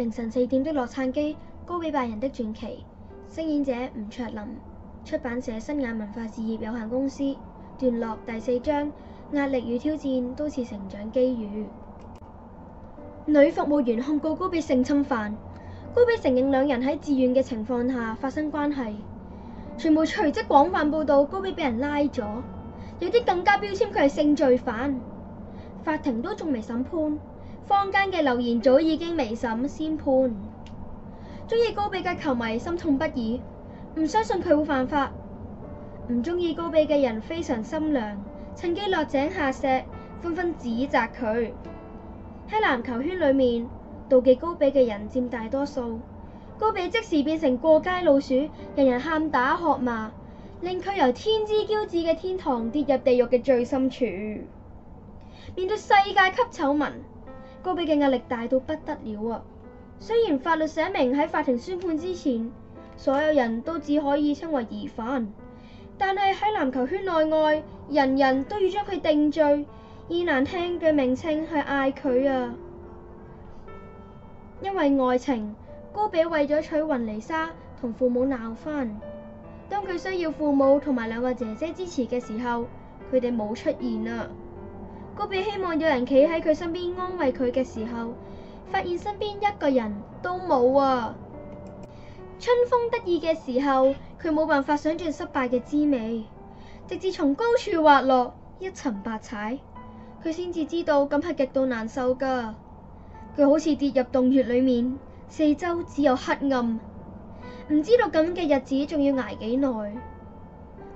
凌晨四點的洛杉磯，高比拜仁的傳奇，聲演者吳卓霖，出版社新雅文化事業有限公司，段落第四章，壓力與挑戰都是成長機遇。女服務員控告高比性侵犯，高比承認兩人喺自願嘅情況下發生關係，傳媒隨即廣泛報道高比被人拉咗，有啲更加標籤佢係性罪犯，法庭都仲未審判。坊間嘅留言早已經未審先判，中意高比嘅球迷心痛不已，唔相信佢會犯法。唔中意高比嘅人非常心涼，趁機落井下石，紛紛指責佢，喺籃球圈裏面，妒忌高比嘅人佔大多數。高比即時變成過街老鼠，人人喊打喝罵，令佢由天之驕子嘅天堂跌入地獄嘅最深處。面對世界級醜聞，高比嘅壓力大到不得了啊！雖然法律寫明喺法庭宣判之前，所有人都只可以稱為疑犯，但係喺籃球圈內外，人人都要將佢定罪，以難聽嘅名稱去嗌佢啊！因為愛情，高比為咗娶雲妮莎，同父母鬧翻。當佢需要父母同埋兩個姐姐支持嘅時候，佢哋冇出現啊！高比希望有人企喺佢身邊安慰佢嘅時候，發現身邊一個人都冇啊！春風得意嘅時候，佢冇辦法想象失敗嘅滋味，直至從高處滑落一沉百踩，佢先至知道咁係極度難受噶。佢好似跌入洞穴裏面，四周只有黑暗，唔知道咁嘅日子仲要挨幾耐。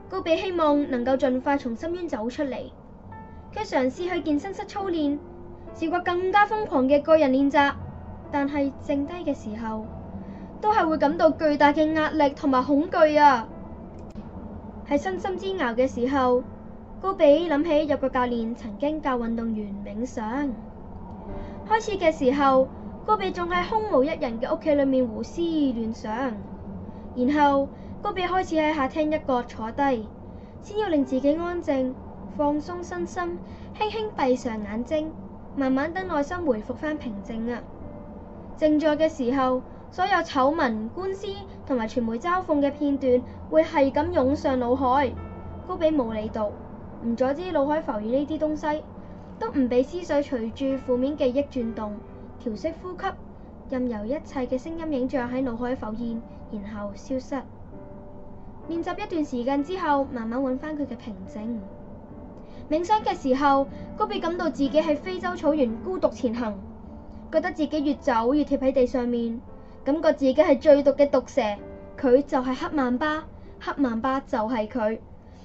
高比希望能夠盡快從深淵走出嚟。佢嘗試去健身室操練，試過更加瘋狂嘅個人練習，但係剩低嘅時候，都係會感到巨大嘅壓力同埋恐懼啊！喺身 心煎熬嘅時候，高比諗起有個教練曾經教運動員冥想。開始嘅時候，高比仲喺空無一人嘅屋企裏面胡思亂想，然後高比開始喺客廳一角坐低，先要令自己安靜。放鬆身心，輕輕閉上眼睛，慢慢等內心回復返平靜啊！靜坐嘅時候，所有醜聞、官司同埋傳媒嘲諷嘅片段會係咁湧上腦海，高比無理度，唔阻止腦海浮現呢啲東西，都唔俾思緒隨住負面記憶轉動，調息呼吸，任由一切嘅聲音、影像喺腦海浮現，然後消失。練習一段時間之後，慢慢揾翻佢嘅平靜。冥想嘅時候，高比感到自己喺非洲草原孤獨前行，覺得自己越走越貼喺地上面，感覺自己係最毒嘅毒蛇，佢就係黑曼巴，黑曼巴就係佢，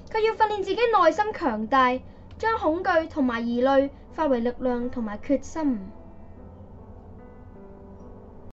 佢要訓練自己內心強大，將恐懼同埋疑慮化為力量同埋決心。